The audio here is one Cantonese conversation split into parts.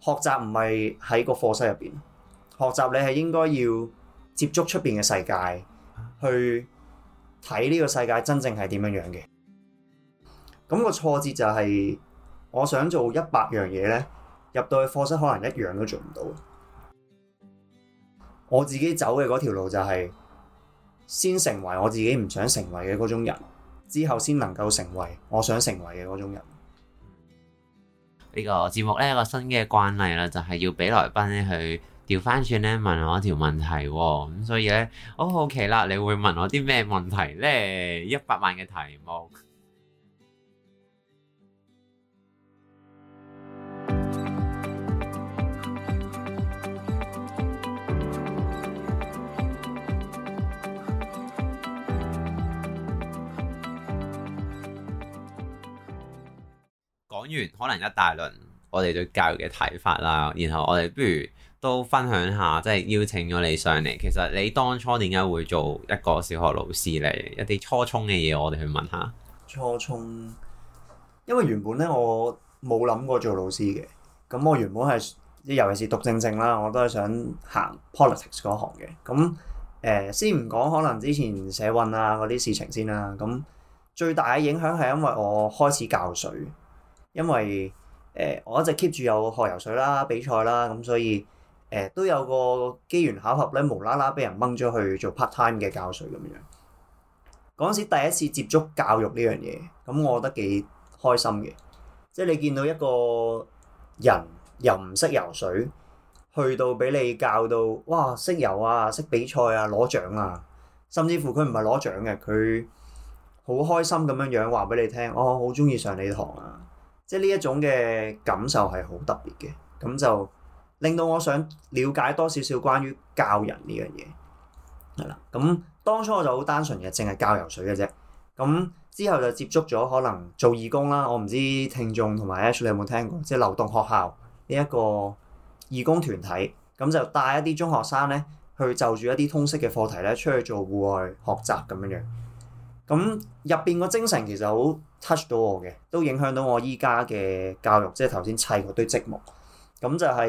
學習唔係喺個課室入邊，學習你係應該要接觸出邊嘅世界，去睇呢個世界真正係點樣樣嘅。咁個挫折就係，我想做一百樣嘢呢，入到去課室可能一樣都做唔到。我自己走嘅嗰條路就係，先成為我自己唔想成為嘅嗰種人，之後先能夠成為我想成為嘅嗰種人。呢個節目呢，一個新嘅慣例啦，就係、是、要畀來賓呢去調翻轉呢，問我條問題喎、哦，咁所以呢，我、哦、好奇啦，你會問我啲咩問題呢？一百萬嘅題目。 講完可能一大輪我哋對教育嘅睇法啦，然後我哋不如都分享下，即係邀請咗你上嚟。其實你當初點解會做一個小學老師嚟？一啲初衷嘅嘢，我哋去問下。初衷，因為原本咧我冇諗過做老師嘅，咁我原本係，尤其是讀政政啦，我都係想行 politics 嗰行嘅。咁誒、呃，先唔講可能之前社運啊嗰啲事情先啦、啊。咁最大嘅影響係因為我開始教水。因為誒、欸，我一直 keep 住有學游水啦、比賽啦，咁所以誒、欸、都有個機緣巧合咧，無啦啦俾人掹咗去做 part time 嘅教水咁樣。嗰陣時第一次接觸教育呢樣嘢，咁我覺得幾開心嘅。即係你見到一個人又唔識游水，去到俾你教到哇，識游啊、識比賽啊、攞獎啊，甚至乎佢唔係攞獎嘅，佢好開心咁樣樣話俾你聽，我好中意上你堂啊！即係呢一種嘅感受係好特別嘅，咁就令到我想了解多少少關於教人呢樣嘢，係啦。咁當初我就好單純嘅，淨係教游水嘅啫。咁之後就接觸咗可能做義工啦。我唔知聽眾同埋 Ash 你有冇聽過，即係流動學校呢一個義工團體，咁就帶一啲中學生咧去就住一啲通識嘅課題咧出去做戶外學習咁樣樣。咁入邊個精神其實好。touch 到我嘅，都影響到我依家嘅教育。即係頭先砌嗰堆積木，咁就係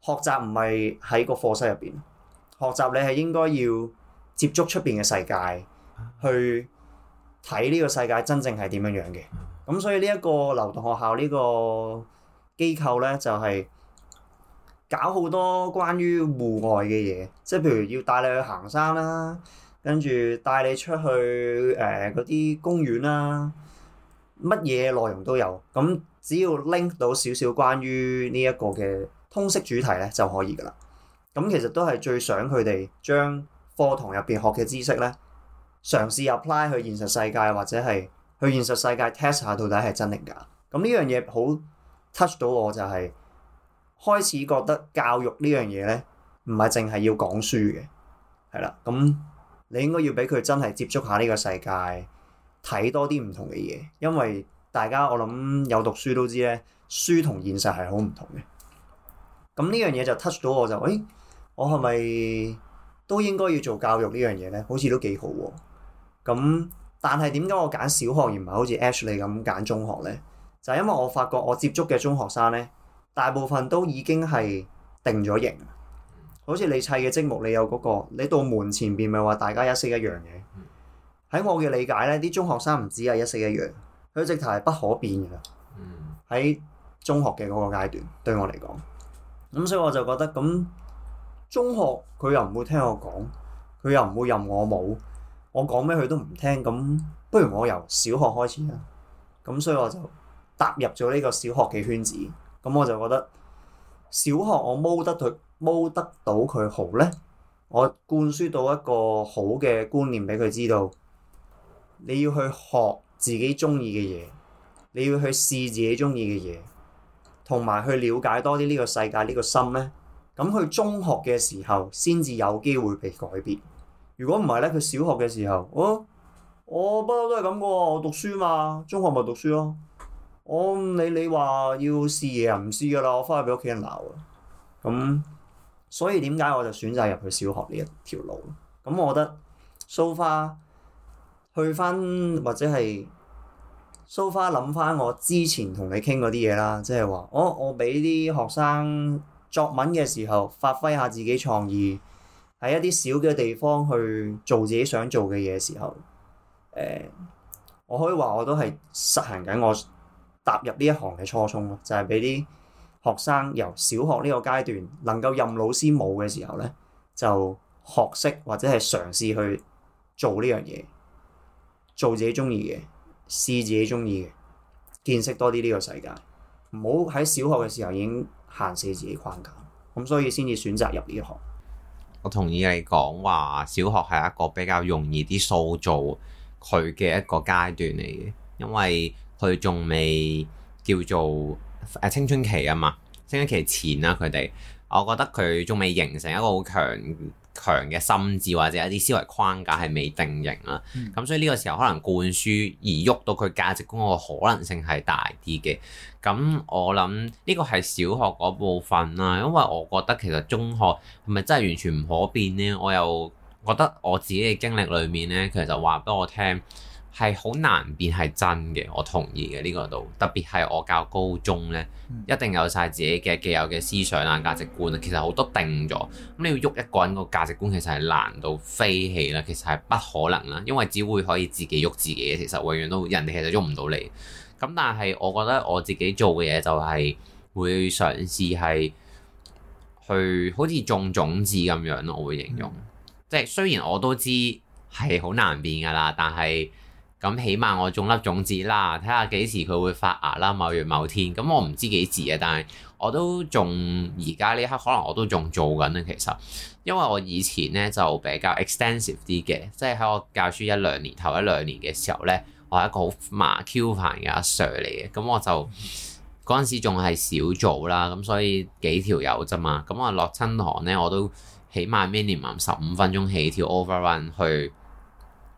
學習唔係喺個課室入邊學習，你係應該要接觸出邊嘅世界，去睇呢個世界真正係點樣樣嘅。咁所以呢一個流動學校呢個機構呢，就係搞好多關於戶外嘅嘢，即係譬如要帶你去行山啦，跟住帶你出去誒嗰啲公園啦。乜嘢內容都有，咁只要 link 到少少關於呢一個嘅通識主題咧就可以噶啦。咁其實都係最想佢哋將課堂入邊學嘅知識咧，嘗試 apply 去現實世界或者係去現實世界 test 下到底係真定假。咁呢樣嘢好 touch 到我，就係，就係開始覺得教育呢樣嘢咧，唔係淨係要講書嘅，係啦。咁你應該要俾佢真係接觸下呢個世界。睇多啲唔同嘅嘢，因為大家我諗有讀書都知咧，書同現實係好唔同嘅。咁呢樣嘢就 touch 到我就，誒、哎，我係咪都應該要做教育呢樣嘢咧？好似都幾好。咁但係點解我揀小學而唔係好似 Ashley 咁揀中學咧？就係，因為我發覺我接觸嘅中學生咧，大部分都已經係定咗型。好似你砌嘅積木，你有嗰、嗰個你到門前邊咪話大家一式一樣嘅。喺我嘅理解咧，啲中學生唔止係一式一樣，佢直頭係不可變嘅。喺中學嘅嗰個階段，對我嚟講，咁所以我就覺得，咁中學佢又唔會聽我講，佢又唔會任我冇，我講咩佢都唔聽，咁不如我由小學開始啦。咁所以我就踏入咗呢個小學嘅圈子，咁我就覺得小學我摸得佢摸得到佢好呢，我灌輸到一個好嘅觀念俾佢知道。你要去學自己中意嘅嘢，你要去試自己中意嘅嘢，同埋去了解多啲呢個世界、呢、呢個心咧。咁佢中學嘅時候，先至有機會被改變。如果唔係咧，佢小學嘅時候，哦，我不嬲都係咁嘅喎。我讀書嘛，中學咪讀書咯。我唔理你話要試嘢啊，唔試㗎啦，我翻去俾屋企人鬧啊。咁所以點解我就選擇入去小學呢一條路？咁我覺得 so far。去翻或者係蘇花諗翻我之前同你傾嗰啲嘢啦，即係話我我俾啲學生作文嘅時候，發揮下自己創意，喺一啲小嘅地方去做自己想做嘅嘢時候，誒、呃、我可以話我都係實行緊我踏入呢一行嘅初衷咯，就係俾啲學生由小學呢個階段能夠任老師冇嘅時候咧，就學識或者係嘗試去做呢樣嘢。做自己中意嘅，試自己中意嘅，見識多啲呢個世界，唔好喺小學嘅時候已經行死自己框架，咁所以先至選擇入呢行。我同意你講話，小學係一個比較容易啲塑造佢嘅一個階段嚟嘅，因為佢仲未叫做誒、啊、青春期啊嘛，青春期前啦、啊，佢哋，我覺得佢仲未形成一個好強。強嘅心智或者一啲思維框架係未定型啦，咁、嗯、所以呢個時候可能灌輸而喐到佢價值觀嘅可能性係大啲嘅。咁我諗呢個係小學嗰部分啦，因為我覺得其實中學係咪真係完全唔可變呢？我又覺得我自己嘅經歷裏面呢，其實就話俾我聽。係好難變係真嘅，我同意嘅呢個都特別係我教高中呢，嗯、一定有晒自己嘅既有嘅思想啊、價值觀啊，其實好多定咗。咁你要喐一個人個價值觀，其實係難到飛起啦，其實係不可能啦，因為只會可以自己喐自己嘅。其實永遠都人哋其實喐唔到你。咁但係我覺得我自己做嘅嘢就係會嘗試係去好似種種子咁樣咯，我會形容。嗯、即係雖然我都知係好難變噶啦，但係。咁起碼我種粒種子啦，睇下幾時佢會發芽啦。某月某天，咁、嗯、我唔知幾時嘅，但係我都仲而家呢刻可能我都仲做緊啊。其實，因為我以前呢就比較 extensive 啲嘅，即係喺我教書一兩年頭一兩年嘅時候呢，我係一個好麻 Q 煩嘅阿 Sir 嚟嘅，咁、嗯、我就嗰陣時仲係少做啦，咁、嗯、所以幾條友啫嘛。咁、嗯、我落親堂呢，我都起碼 minimum 十五分鐘起跳 overrun 去。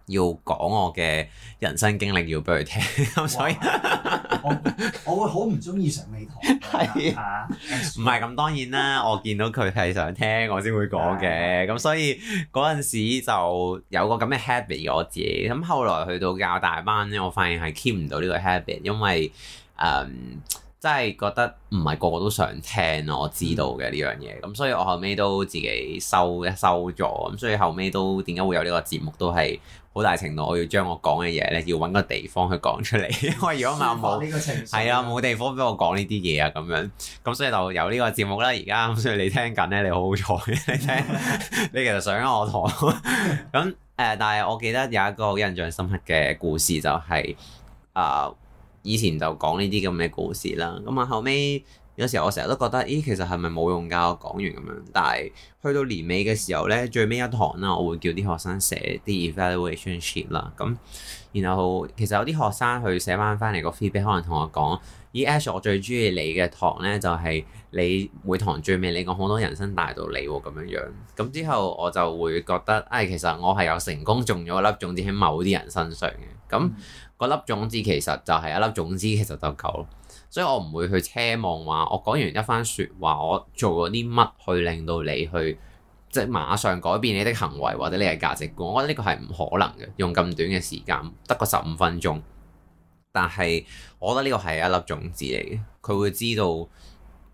要講我嘅人生經歷要俾佢聽，咁所以我我會好唔中意上美堂。係啊 是，唔係咁當然啦， 我見到佢係想聽，我先會講嘅，咁的所以嗰陣時就有個咁嘅 habit 我自己，咁後來去到教大班咧，我發現係 keep 唔到呢個 habit，因為誒。嗯真係覺得唔係個個都想聽我知道嘅呢、嗯、樣嘢，咁所以我後尾都自己收一收咗，咁所以後尾都點解會有呢個節目，都係好大程度我要將我講嘅嘢咧，要揾個地方去講出嚟。因為如果冇冇，係啊冇地方俾我講呢啲嘢啊咁樣，咁所以就有呢個節目啦。而家咁所以你聽緊咧，你好好彩， 你聽 你其實上咗我堂。咁 誒、呃，但係我記得有一個印象深刻嘅故事、就係，就係啊。以前就講呢啲咁嘅故事啦，咁啊後尾，有時候我成日都覺得，咦其實係咪冇用㗎？我講完咁樣，但係去到年尾嘅時候呢，最尾一堂啦，我會叫啲學生寫啲 evaluation sheet 啦，咁然後其實有啲學生去寫翻翻嚟個 feedback，可能同我講，Ash、嗯、我最中意你嘅堂呢，就係、是、你每堂最尾你講好多人生大道理喎，咁樣樣，咁之後我就會覺得，唉、哎、其實我係有成功中咗一粒種子喺某啲人身上嘅，咁、嗯。嗰粒種子其實就係一粒種子，其實就夠。所以我唔會去奢望話，我講完一番説話，我做咗啲乜去令到你去即係馬上改變你的行為或者你嘅價值觀。我覺得呢個係唔可能嘅，用咁短嘅時間，得個十五分鐘。但係我覺得呢個係一粒種子嚟嘅，佢會知道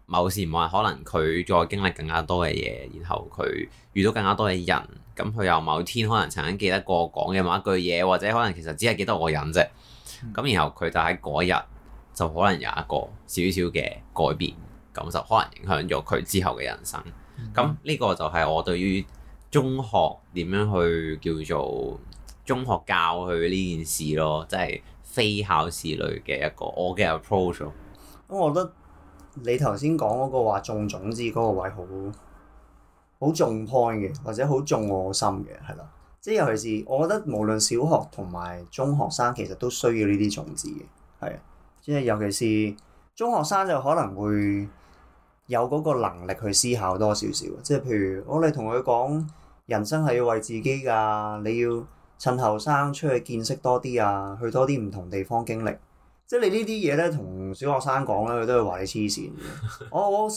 某時某日可能佢再經歷更加多嘅嘢，然後佢遇到更加多嘅人。咁佢又某天可能曾經記得過講嘅某一句嘢，或者可能其實只係記得我人啫。咁、嗯、然後佢就喺嗰日就可能有一個少少嘅改變，咁就可能影響咗佢之後嘅人生。咁呢、嗯、個就係我對於中學點樣去叫做中學教佢呢件事咯，即係非考試類嘅一個我嘅 approach 咯。咁我覺得你頭先講嗰個話種種子嗰個位好。好重 point 嘅，或者好重我心嘅，係啦。即係尤其是，我覺得無論小學同埋中學生，其實都需要呢啲種子嘅，係。即係尤其是中學生就可能會有嗰個能力去思考多少少。即係譬如我哋同佢講人生係要為自己㗎，你要趁後生出去見識多啲啊，去多啲唔同地方經歷。即係你呢啲嘢咧，同小學生講咧，佢都會話你黐線嘅。我我。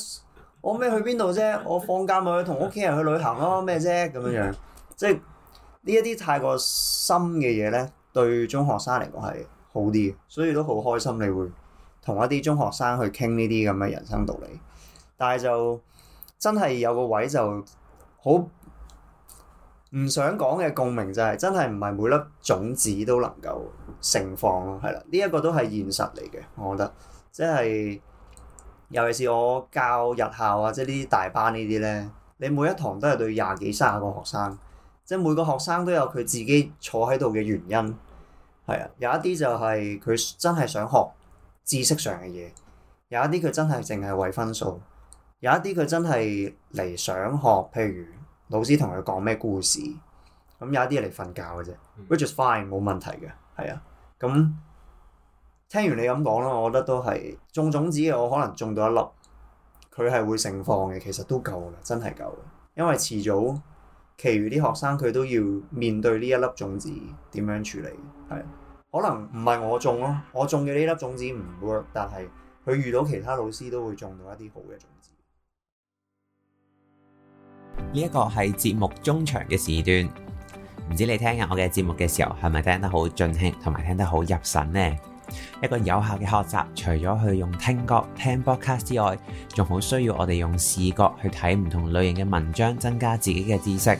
我咩去邊度啫？我放假咪去同屋企人去旅行咯，咩啫？咁樣樣，即係呢一啲太過深嘅嘢咧，對中學生嚟講係好啲嘅，所以都好開心你會同一啲中學生去傾呢啲咁嘅人生道理。但係就真係有個位就好唔想講嘅共鳴就係真係唔係每粒種子都能夠盛放咯，係啦，呢一個都係現實嚟嘅，我覺得即係。尤其是我教日校啊，即係呢啲大班呢啲咧，你每一堂都係對廿幾、三十個學生，即係每個學生都有佢自己坐喺度嘅原因，係啊，有一啲就係佢真係想學知識上嘅嘢，有一啲佢真係淨係為分數，有一啲佢真係嚟想學，譬如老師同佢講咩故事，咁有一啲嚟瞓覺嘅啫、mm hmm.，which is fine 冇問題嘅，係啊，咁。聽完你咁講啦，我覺得都係種種子嘅。我可能種到一粒，佢係會盛放嘅。其實都夠啦，真係夠嘅。因為遲早，其餘啲學生佢都要面對呢一粒種子點樣處理。係可能唔係我種咯，我種嘅呢粒種子唔 work，但係佢遇到其他老師都會種到一啲好嘅種子。呢一個係節目中場嘅時段，唔知你聽下我嘅節目嘅時候係咪聽得好盡興，同埋聽得好入神呢？一個有效嘅學習，除咗去用聽覺聽 broadcast 之外，仲好需要我哋用視覺去睇唔同類型嘅文章，增加自己嘅知識。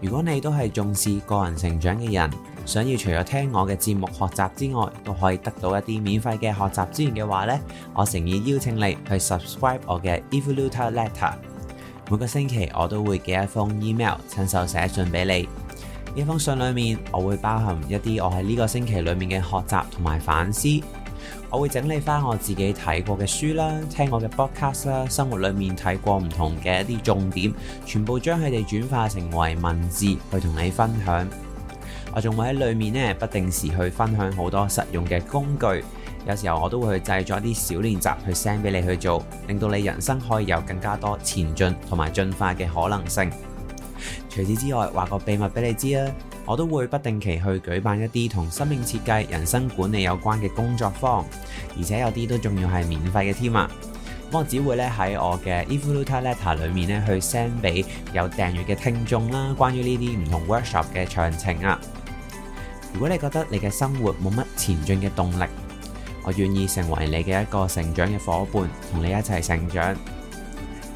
如果你都係重視個人成長嘅人，想要除咗聽我嘅節目學習之外，都可以得到一啲免費嘅學習資源嘅話呢，我誠意邀請你去 subscribe 我嘅 Evolution Letter。每個星期我都會寄一封 email 親手寫信俾你。呢封信裏面，我會包含一啲我喺呢個星期裏面嘅學習同埋反思。我會整理翻我自己睇過嘅書啦，聽我嘅 podcast 啦，生活裏面睇過唔同嘅一啲重點，全部將佢哋轉化成為文字去同你分享。我仲會喺裏面呢，不定時去分享好多實用嘅工具。有時候我都會去製作一啲小練習去 send 俾你去做，令到你人生可以有更加多前進同埋進化嘅可能性。除此之外，話個秘密俾你知啊，我都會不定期去舉辦一啲同生命設計、人生管理有關嘅工作坊，而且有啲都仲要係免費嘅添啊！咁我只會咧喺我嘅 Evolution Letter 裏面咧去 send 俾有訂閱嘅聽眾啦，關於呢啲唔同 workshop 嘅詳情啊。如果你覺得你嘅生活冇乜前進嘅動力，我願意成為你嘅一個成長嘅夥伴，同你一齊成長。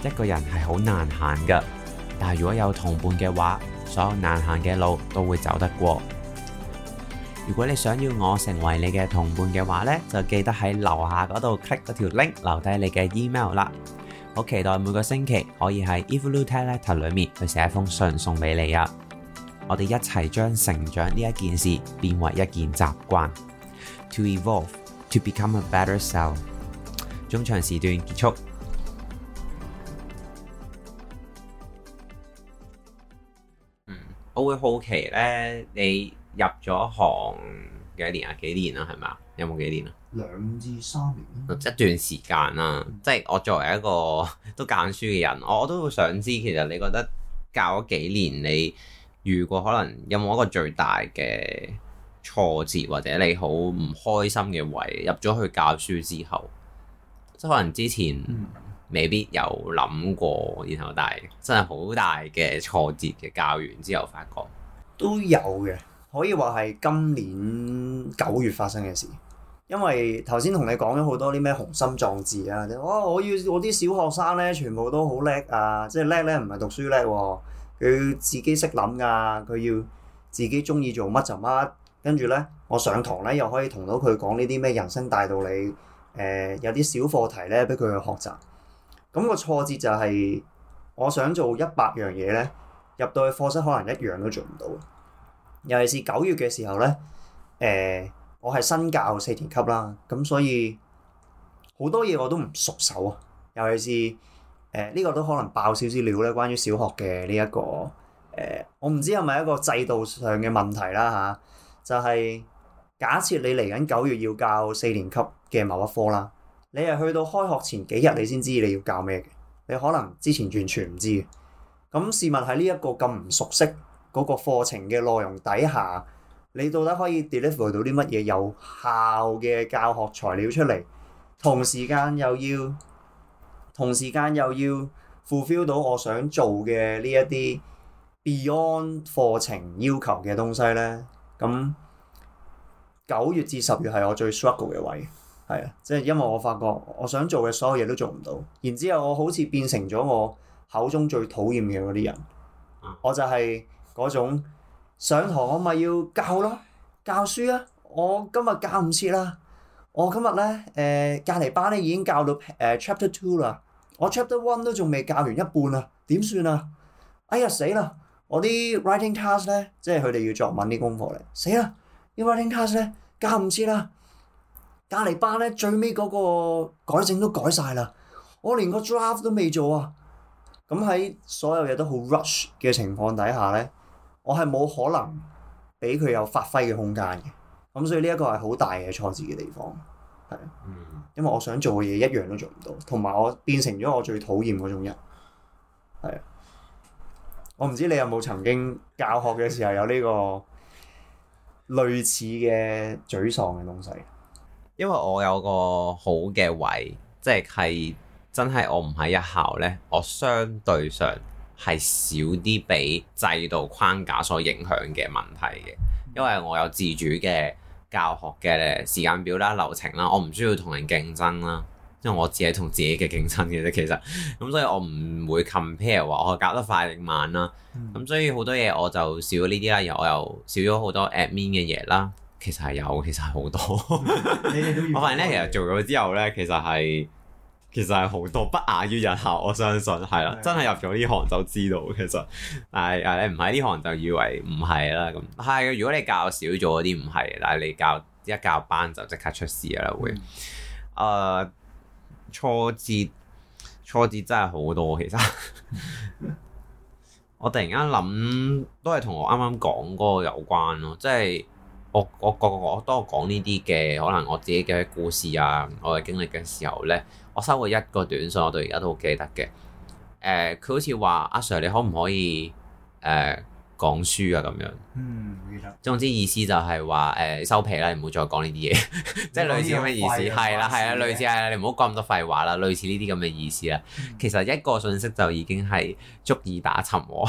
一個人係好難行噶。但係如果有同伴嘅話，所有難行嘅路都會走得過。如果你想要我成為你嘅同伴嘅話呢，就記得喺樓下嗰度 click 條 link，留低你嘅 email 啦。我期待每個星期可以喺 Evolution Letter 裏面去寫一封信送俾你啊！我哋一齊將成長呢一件事變為一件習慣。To evolve, to become a better self。中場時段結束。我會好奇咧，你入咗行幾年啊？幾年啦，啊，係咪？有冇幾年啊？兩至三年，啊、一段時間啦，啊，嗯、即係我作為一個都教書嘅人，我都會想知，其實你覺得教咗幾年，你遇過可能有冇一個最大嘅挫折，或者你好唔開心嘅位，入咗去教書之後，即係可能之前、嗯。未必有諗過，然後但係真係好大嘅挫折嘅教完之後，發覺都有嘅，可以話係今年九月發生嘅事。因為頭先同你講咗好多啲咩雄心壯志啊，即係、哦，我要我啲小學生咧，全部都好叻啊，即係叻咧，唔係讀書叻喎、啊，佢要自己識諗㗎，佢要自己中意、啊、做乜就乜。跟住咧，我上堂咧又可以同到佢講呢啲咩人生大道理，誒、呃、有啲小課題咧俾佢去學習。咁個挫折就係我想做一百樣嘢咧，入到去課室可能一樣都做唔到。尤其是九月嘅時候咧，誒、呃、我係新教四年級啦，咁、啊、所以好多嘢我都唔熟手啊。尤其是誒呢、呃這個都可能爆少少料咧，關於小學嘅呢一個誒、呃，我唔知係咪一個制度上嘅問題啦吓、啊，就係、是、假設你嚟緊九月要教四年級嘅某一科啦。你係去到開學前幾日，你先知你要教咩嘅？你可能之前完全唔知嘅。咁試問喺呢一個咁唔熟悉嗰個課程嘅內容底下，你到底可以 deliver 到啲乜嘢有效嘅教學材料出嚟？同時間又要同時間又要 fulfill 到我想做嘅呢一啲 beyond 課程要求嘅東西咧？咁九月至十月係我最 struggle 嘅位。係啊，即係因為我發覺我想做嘅所有嘢都做唔到，然之後我好似變成咗我口中最討厭嘅嗰啲人，我就係嗰種上堂我咪要教咯，教書啊，我今日教唔切啦，我今日咧誒隔離班咧已經教到誒、呃、chapter two 啦，我 chapter one 都仲未教完一半啦，點算啊？哎呀死啦！我啲 writing task 咧，即係佢哋要作文啲功課嚟，死啦！啲 writing task 咧教唔切啦。隔離班咧最尾嗰個改正都改晒啦，我連個 draft 都未做啊！咁喺所有嘢都好 rush 嘅情況底下咧，我係冇可能俾佢有發揮嘅空間嘅。咁所以呢一個係好大嘅挫折嘅地方，係。嗯。因為我想做嘅嘢一樣都做唔到，同埋我變成咗我最討厭嗰種人。係。我唔知你有冇曾經教學嘅時候有呢個類似嘅沮喪嘅東西？因為我有個好嘅位，即係真係我唔喺一校呢，我相對上係少啲畀制度框架所影響嘅問題嘅。因為我有自主嘅教學嘅時間表啦、流程啦，我唔需要同人競爭啦，因為我自己同自己嘅競爭嘅啫。其實咁，所以我唔會 compare 話我教得快定慢啦。咁所以好多嘢我就少咗呢啲啦，又我又少咗好多 admin 嘅嘢啦。其實係有，其實係好多。 嗯、 我發現咧，其實做咗之後咧，其實係其實係好多不亞於日後。我相信係啦，真係入咗呢行就知道。其實，但係但係你唔喺呢行就以為唔係啦。咁係，如果你教少咗啲唔係，但係你教一教班就即刻出事啦會。誒、嗯，挫折挫折真係好多。其實 我突然間諗，都係同我啱啱講嗰個有關咯，即係。我我覺我多講呢啲嘅，可能我自己嘅故事啊，我嘅經歷嘅時候呢，我收過一個短信，我到而家都好記得嘅。誒、呃，佢好似話阿 Sir，你可唔可以誒、呃、講書啊咁樣？嗯，記得。總之意思就係話誒收皮啦，唔好再講呢啲嘢，即、就、係、是、類似咁嘅意思。係啦係啦，類似係啦似似、啊，你唔好講咁多廢話啦，類似呢啲咁嘅意思啦、啊。嗯、其實一個信息就已經係足以打沉我。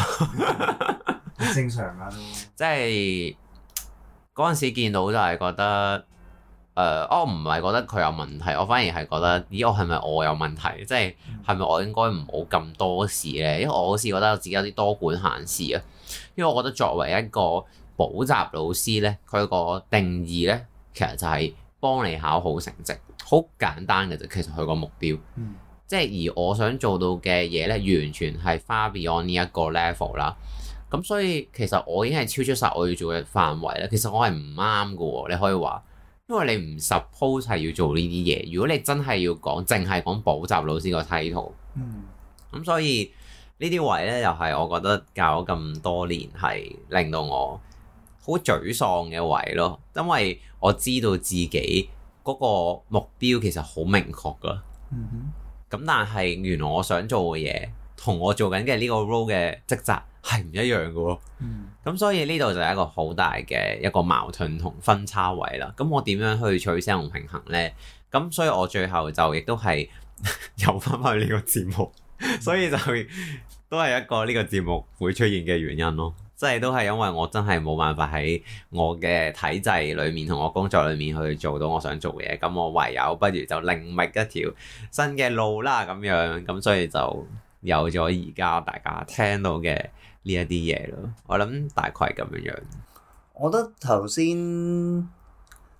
正常啦即係。嗰陣時見到就係覺得，誒、呃，我唔係覺得佢有問題，我反而係覺得，咦，我係咪我有問題？即係係咪我應該唔好咁多事咧？因為我好似覺得我自己有啲多管閒事啊。因為我覺得作為一個補習老師咧，佢個定義咧，其實就係幫你考好成績，好簡單嘅啫。其實佢個目標，嗯、即係而我想做到嘅嘢咧，完全係 far beyond 呢一個 level 啦。咁所以其實我已經係超出曬我要做嘅範圍咧。其實我係唔啱㗎，你可以話，因為你唔 suppose 係要做呢啲嘢。如果你真係要講，淨係講補習老師個 title，咁所以呢啲位呢，又係我覺得教咗咁多年係令到我好沮喪嘅位咯，因為我知道自己嗰個目標其實好明確㗎，嗯咁、mm hmm. 但係原來我想做嘅嘢同我做緊嘅呢個 role 嘅職責，係唔一樣嘅喎，咁、嗯、所以呢度就係一個好大嘅一個矛盾同分叉位啦。咁我點樣去取捨同平衡呢？咁所以我最後就亦都係又翻翻去呢個節目， 所以就都係一個呢個節目會出現嘅原因咯。即、就、係、是、都係因為我真係冇辦法喺我嘅體制裏面同我工作裏面去做到我想做嘢，咁我唯有不如就另覓一條新嘅路啦。咁樣咁所以就有咗而家大家聽到嘅。呢一啲嘢咯，我諗大概係咁樣樣。我覺得頭先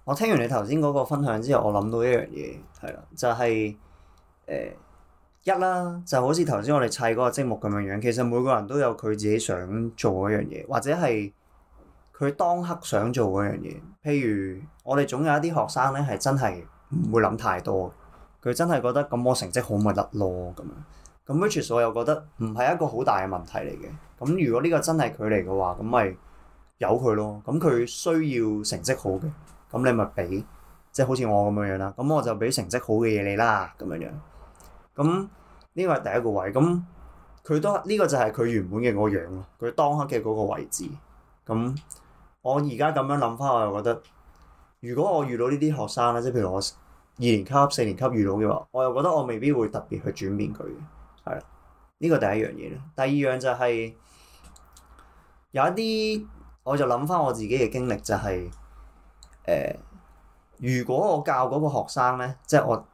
我聽完你頭先嗰個分享之後，我諗到一樣嘢係啦，就係、是、誒、呃、一啦，就好似頭先我哋砌嗰個積木咁樣樣。其實每個人都有佢自己想做嗰樣嘢，或者係佢當刻想做嗰樣嘢。譬如我哋總有一啲學生咧，係真係唔會諗太多，佢真係覺得咁我成績好咪得咯咁樣。咁，which 我又覺得唔係一個好大嘅問題嚟嘅。咁如果呢個真係佢嚟嘅話，咁咪由佢咯。咁佢需要成績好嘅，咁你咪俾即係好似我咁樣樣啦。咁我就俾成績好嘅嘢你啦，咁樣樣。咁呢個係第一個位。咁佢都呢個就係佢原本嘅個樣咯。佢當刻嘅嗰個位置。咁我而家咁樣諗翻，我又覺得如果我遇到呢啲學生咧，即係譬如我二年級四年級遇到嘅話，我又覺得我未必會特別去轉變佢嘅。係呢個第一樣嘢啦。第二樣就係、是、有一啲，我就諗翻我自己嘅經歷就係、是，誒、呃，如果我教嗰個學生咧，即、就、係、是、我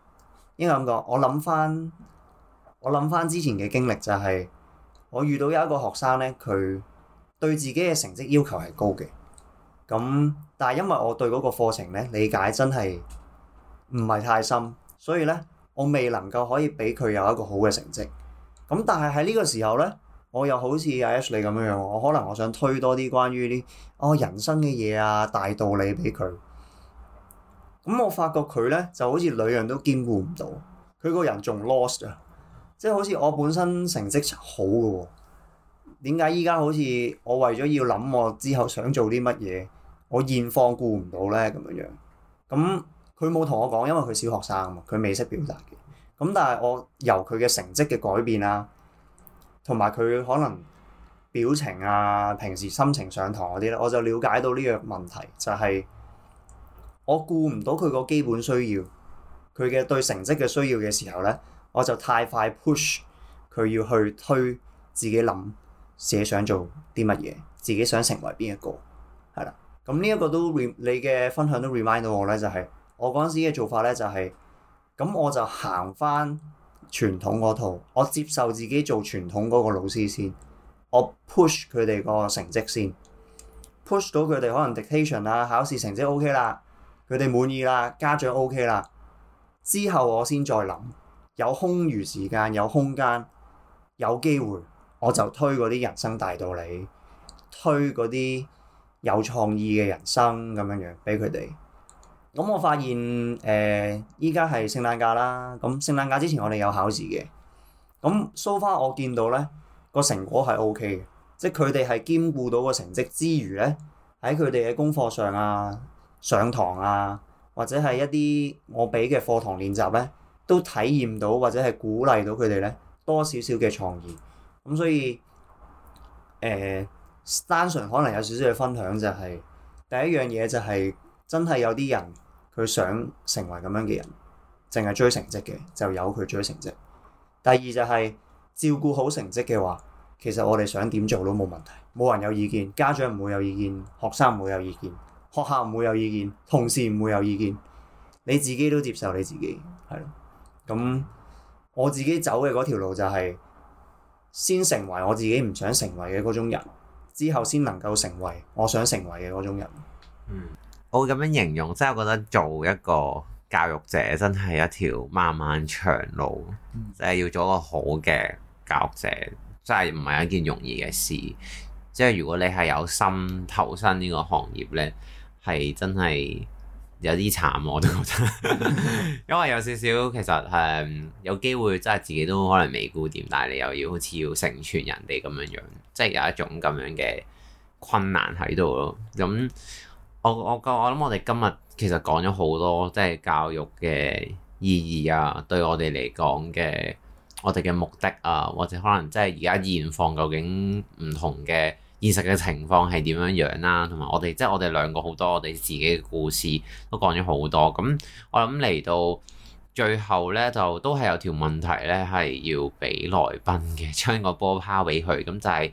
應該咁講，我諗翻，我諗翻之前嘅經歷就係、是，我遇到有一個學生咧，佢對自己嘅成績要求係高嘅，咁但係因為我對嗰個課程咧理解真係唔係太深，所以咧我未能夠可以俾佢有一個好嘅成績。咁但係喺呢個時候咧，我又好似阿 Ash 你咁樣樣，我可能我想推多啲關於啲我、哦、人生嘅嘢啊、大道理俾佢。咁、嗯、我發覺佢咧就好似兩樣都兼顧唔到，佢個人仲 lost 啊，即係好似我本身成績好嘅喎，點解依家好似我為咗要諗我之後想做啲乜嘢，我現況顧唔到咧咁樣樣？咁佢冇同我講，因為佢小學生嘛，佢未識表達。咁但係我由佢嘅成績嘅改變啊，同埋佢可能表情啊、平時心情上堂嗰啲咧，我就了解到呢個問題就係、是、我顧唔到佢個基本需要，佢嘅對成績嘅需要嘅時候咧，我就太快 push 佢要去推自己諗，自己想做啲乜嘢，自己想成為邊一個係啦。咁呢一個都你嘅分享都 remind 到我咧，就係、是、我嗰陣時嘅做法咧，就係、是。咁我就行翻傳統嗰套，我接受自己做傳統嗰個老師先，我 push 佢哋個成績先，push 到佢哋可能 dictation 啦、考試成績 OK 啦，佢哋滿意啦，家長 OK 啦，之後我先再諗，有空餘時間、有空間、有機會，我就推嗰啲人生大道理，推嗰啲有創意嘅人生咁樣樣俾佢哋。咁、嗯、我發現誒，依家係聖誕假啦。咁、嗯、聖誕假之前我哋有考試嘅。咁收返，我見到呢個成果係 O K 嘅，即係佢哋係兼顧到個成績之餘呢，喺佢哋嘅功課上啊、上堂啊，或者係一啲我俾嘅課堂練習呢，都體驗到或者係鼓勵到佢哋呢多少少嘅創意。咁所以誒、呃，單純可能有少少嘅分享就係、是、第一樣嘢就係、是、真係有啲人。佢想成為咁樣嘅人，淨係追成績嘅，就由佢追成績。第二就係，照顧好成績嘅話，其實我哋想點做都冇問題，冇人有意見，家長唔會有意見，學生唔會有意見，學校唔會有意見，同事唔會有意見，你自己都接受你自己，係咯。咁我自己走嘅嗰條路就係，先成為我自己唔想成為嘅嗰種人，之後先能夠成為我想成為嘅嗰種人。嗯。我咁樣形容，即係我覺得做一個教育者真係一條漫漫長路，嗯、即係要做一個好嘅教育者，真係唔係一件容易嘅事。即係如果你係有心投身呢個行業呢，係真係有啲慘，我都覺得。 因為有少少其實誒、嗯、有機會，真係自己都可能未搞掂，但係你又要好似要成全人哋咁樣樣，即係有一種咁樣嘅困難喺度咯，咁。我我覺我諗，我哋今日其實講咗好多，即係教育嘅意義啊，對我哋嚟講嘅，我哋嘅目的啊，或者可能即係而家現況究竟唔同嘅現實嘅情況係點樣樣啦，同埋我哋即係我哋兩個好多我哋自己嘅故事都講咗好多。咁我諗嚟到最後咧，就都係有條問題咧，係要俾來賓嘅將個波拋俾佢。咁就係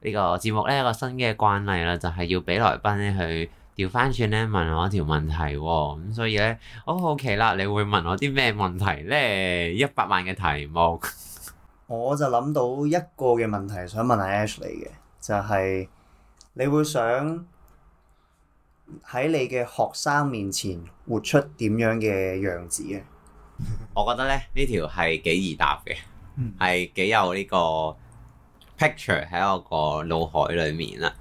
呢個節目咧，一個新嘅慣例啦，就係要俾來賓咧去。調翻轉咧，問我條問題咁，所以咧好好奇啦。你會問我啲咩問題咧？一百萬嘅題目，我就諗到一個嘅問題想問下 Ash 嚟嘅，就係你會想喺你嘅學生面前活出點樣嘅樣子啊？我覺得咧呢條係幾易答嘅，係幾有呢個 picture 喺我個腦海裏面啦。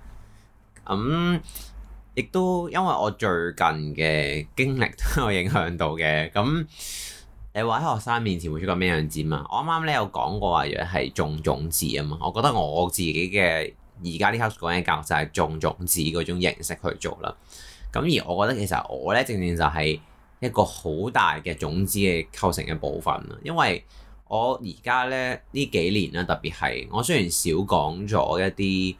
咁。亦都因為我最近嘅經歷都有影響到嘅，咁你話喺學生面前會出個咩樣子嘛？我啱啱咧有講過話，如果係種種子啊嘛，我覺得我自己嘅而家呢間學校嘅教育就係種種子嗰種形式去做啦。咁而我覺得其實我咧正正就係一個好大嘅種子嘅構成嘅部分啦，因為我而家咧呢幾年啦，特別係我雖然少講咗一啲。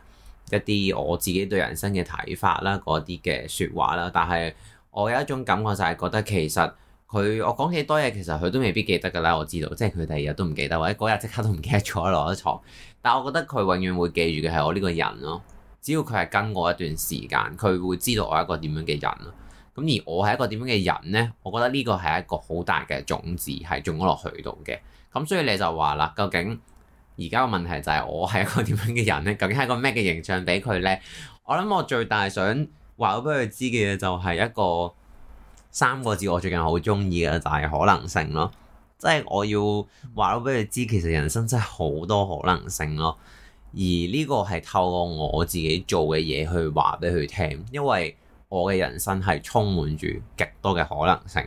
一啲我自己對人生嘅睇法啦，嗰啲嘅説話啦，但係我有一種感覺就係覺得其實佢，我講幾多嘢，其實佢都未必記得㗎啦。我知道，即係佢第二日都唔記得，或者嗰日即刻都唔記得咗落咗床。但係我覺得佢永遠會記住嘅係我呢個人咯。只要佢係跟我一段時間，佢會知道我係一個點樣嘅人。咁而我係一個點樣嘅人呢？我覺得呢個係一個好大嘅種子，係種咗落去度嘅。咁所以你就話啦，究竟？而家個問題就係我係一個點樣嘅人呢？究竟係一個咩嘅形象俾佢呢？我諗我最大想話咗俾佢知嘅嘢，就係一個三個字，我最近好中意嘅就係、是、可能性咯。即、就、係、是、我要話咗俾佢知，其實人生真係好多可能性咯。而呢個係透過我自己做嘅嘢去話俾佢聽，因為我嘅人生係充滿住極多嘅可能性，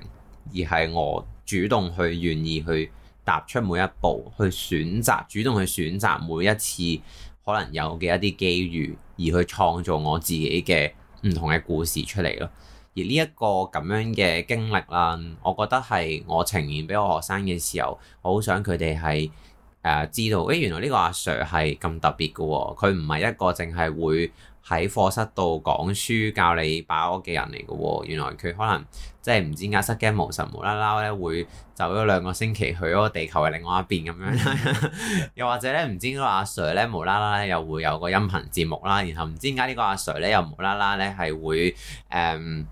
而係我主動去願意去。踏出每一步，去選擇，主動去選擇每一次可能有嘅一啲機遇，而去創造我自己嘅唔同嘅故事出嚟咯。而呢一個咁樣嘅經歷啦，我覺得係我呈現俾我學生嘅時候，我好想佢哋係誒知道，誒、欸、原來呢個阿 Sir 係咁特別嘅喎，佢唔係一個淨係會。喺課室度講書教你把握嘅人嚟㗎喎，原來佢可能即係唔知點解失驚無神，無啦啦咧會走咗兩個星期去個地球嘅另外一邊咁樣， 又或者咧唔知個呢個阿 Sir 咧無啦啦又會有個音頻節目啦，然後唔知點解呢個阿 Sir 咧又無啦啦咧係會誒誒、嗯、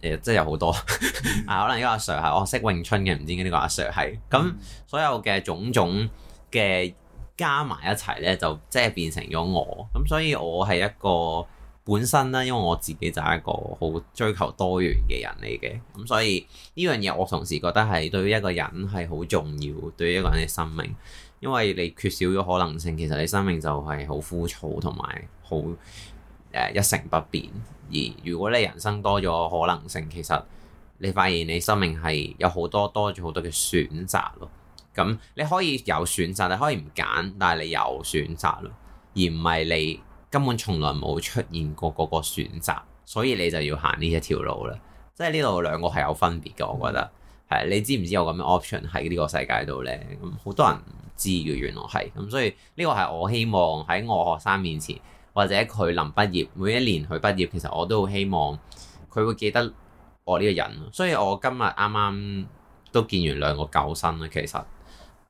即係有好多、 嗯、啊，可能呢個阿 Sir 係我識詠春嘅，唔、哦、知點解呢個阿 Sir 係咁所有嘅種種嘅。加埋一齊咧，就即係變成咗我。咁所以我係一個本身咧，因為我自己就係一個好追求多元嘅人嚟嘅。咁所以呢樣嘢，我同時覺得係對於一個人係好重要，對於一個人嘅生命。因為你缺少咗可能性，其實你生命就係好枯燥同埋好誒一成不變。而如果你人生多咗可能性，其實你發現你生命係有好多多咗好多嘅選擇咯。咁你可以有選擇，你可以唔揀，但係你有選擇咯，而唔係你根本從來冇出現過嗰個選擇，所以你就要行呢一條路啦。即係呢度兩個係有分別嘅，我覺得係你知唔知有咁樣 option 喺呢個世界度呢？咁好多人唔知嘅，原來係咁，所以呢個係我希望喺我學生面前，或者佢臨畢業每一年佢畢業，其實我都好希望佢會記得我呢個人。所以我今日啱啱都見完兩個舊生啦，其實。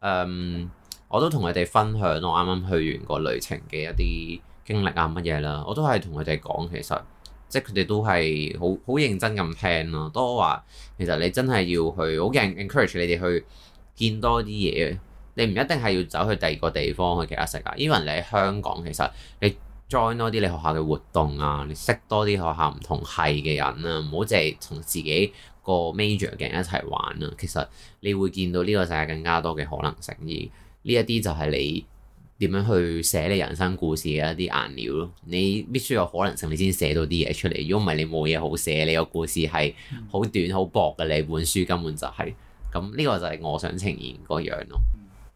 誒、um, 啊，我都同佢哋分享我啱啱去完個旅程嘅一啲經歷啊乜嘢啦，我都係同佢哋講，其實即係佢哋都係好好認真咁聽咯。都話其實你真係要去，好勁 encourage 你哋去見多啲嘢，你唔一定係要走去第二個地方去其他世界，因為你喺香港其實你 join 多啲你學校嘅活動啊，你識多啲學校唔同系嘅人啊，唔好淨係同自己。個 major 人嘅一齊玩啊，其實你會見到呢個世界更加多嘅可能性，而呢一啲就係你點樣去寫你人生故事嘅一啲顏料咯。你必須有可能性，你先寫到啲嘢出嚟。如果唔係，你冇嘢好寫，你個故事係好短、好薄嘅。你本書根本就係、是、咁。呢個就係我想呈現個樣咯。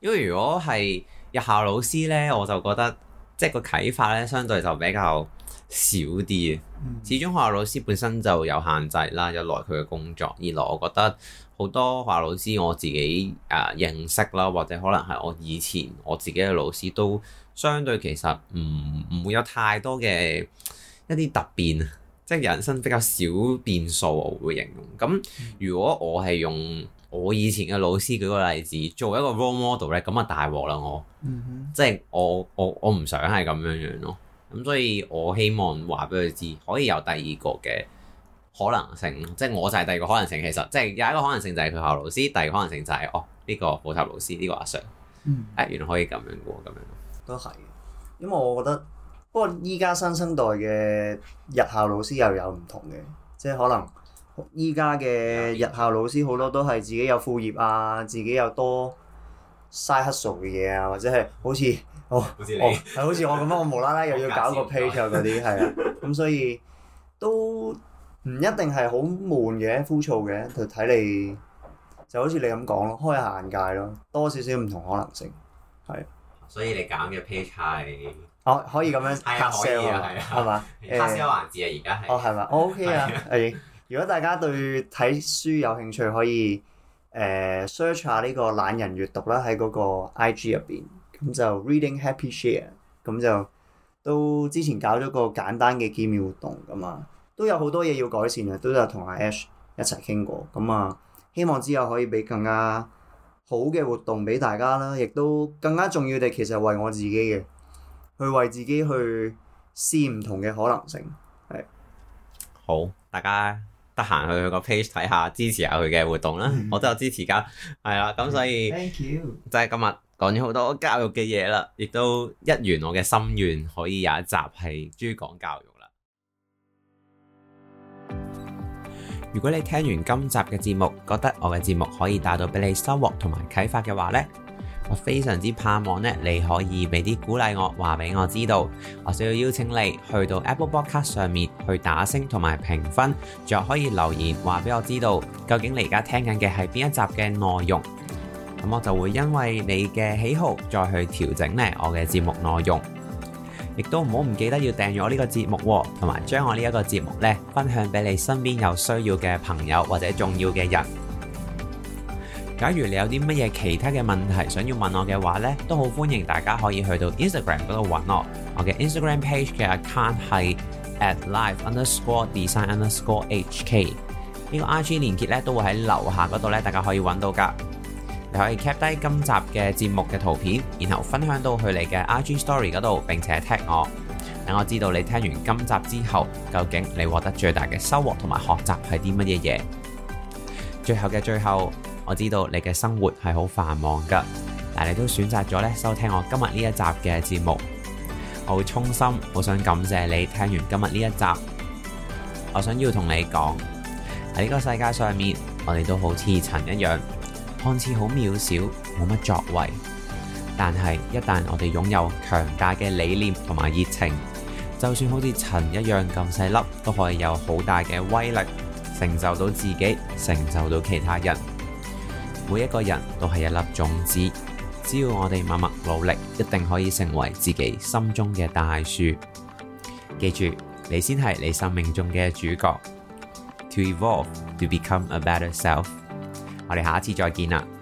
因為如果係日校老師呢，我就覺得即係個啟發呢，相對就比較少啲啊！始終學校老師本身就有限制啦，一來佢嘅工作，二來我覺得好多學校老師我自己誒、啊、認識啦，或者可能係我以前我自己嘅老師都相對其實唔唔會有太多嘅一啲突變，即係人生比較少變數，我會形容。咁如果我係用我以前嘅老師舉個例子，做一個 role model 咧，咁啊大鍋大鑊啦，我，即係、嗯、哼我我我唔想係咁樣樣咯。咁所以我希望話俾佢知，可以有第二個嘅可能性，即係我就係第二個可能性。其實即係有一個可能性就係佢校老師，第二個可能性就係哦呢個補習老師，呢個阿 Sir 嗯。嗯，誒原來可以咁樣嘅喎，咁樣都係。因為我覺得，不過依家新生代嘅日校老師又有唔同嘅，即係可能依家嘅日校老師好多都係自己有副業啊，自己有多嘥黑數嘅嘢啊，或者係好似。哦，哦，係好似我咁樣，我無啦啦又要搞個 page 嗰啲，係啊，咁所以都唔一定係好悶嘅枯燥嘅，就睇你就好似你咁講咯，開下眼界咯，多少少唔同可能性，係。所以你揀嘅 page 係哦，可以咁樣 castaway 啊，係嘛？castaway 環節啊，而家係哦，係嘛？我 OK 啊，係。如果大家對睇書有興趣，可以誒 search 下呢個懶人閱讀啦，喺嗰個 IG 入邊。咁就 Reading Happy Share，咁就都之前搞咗個簡單嘅見面活動，咁啊，都有好多嘢要改善啊，都有同阿 Ash 一齊傾過，咁啊，希望之後可以俾更加好嘅活動俾大家啦，亦都更加重要嘅其實為我自己嘅，去為自己去試唔同嘅可能性，係好，大家得閒去佢個 page 睇下，支持下佢嘅活動啦，嗯、我都有支持噶，係啦，咁所以 Thank you，就係今日。講咗好多教育嘅嘢啦，亦都一圓我嘅心願，可以有一集係專講教育啦。如果你聽完今集嘅節目，覺得我嘅節目可以帶到俾你收穫同埋啟發嘅話呢，我非常之盼望咧，你可以俾啲鼓勵我，話俾我知道。我需要邀請你去到 Apple Podcast 上面去打星同埋評分，仲可以留言話俾我知道，究竟你而家聽緊嘅係邊一集嘅內容。咁我就會因為你嘅喜好再去調整咧，我嘅節目內容，亦都唔好唔記得要訂咗、哦、呢個節目，同埋將我呢一個節目咧分享俾你身邊有需要嘅朋友或者重要嘅人。假如你有啲乜嘢其他嘅問題，想要問我嘅話呢，都好歡迎大家可以去到 Instagram 嗰度揾我。我嘅 Instagram page 嘅 account 係 at life underscore design underscore hk 呢個 I G 連結咧，都會喺樓下嗰度咧，大家可以揾到噶。你可以 cap 低今集嘅節目嘅圖片，然後分享到去你嘅 IG Story 嗰度，並且 tag 我，等我知道你聽完今集之後，究竟你獲得最大嘅收穫同埋學習係啲乜嘢嘢？最後嘅最後，我知道你嘅生活係好繁忙噶，但你都選擇咗咧收聽我今日呢一集嘅節目，我會衷心好想感謝你聽完今日呢一集。我想要同你講喺呢個世界上面，我哋都好似塵一樣。看似好渺小，冇乜作為，但係一旦我哋擁有強大嘅理念同埋熱情，就算好似塵一樣咁細粒，都可以有好大嘅威力，成就到自己，成就到其他人。每一個人都係一粒種子，只要我哋默默努力，一定可以成為自己心中嘅大樹。記住，你先係你生命中嘅主角。To evolve, to become a better self. 我哋下次再見啦～。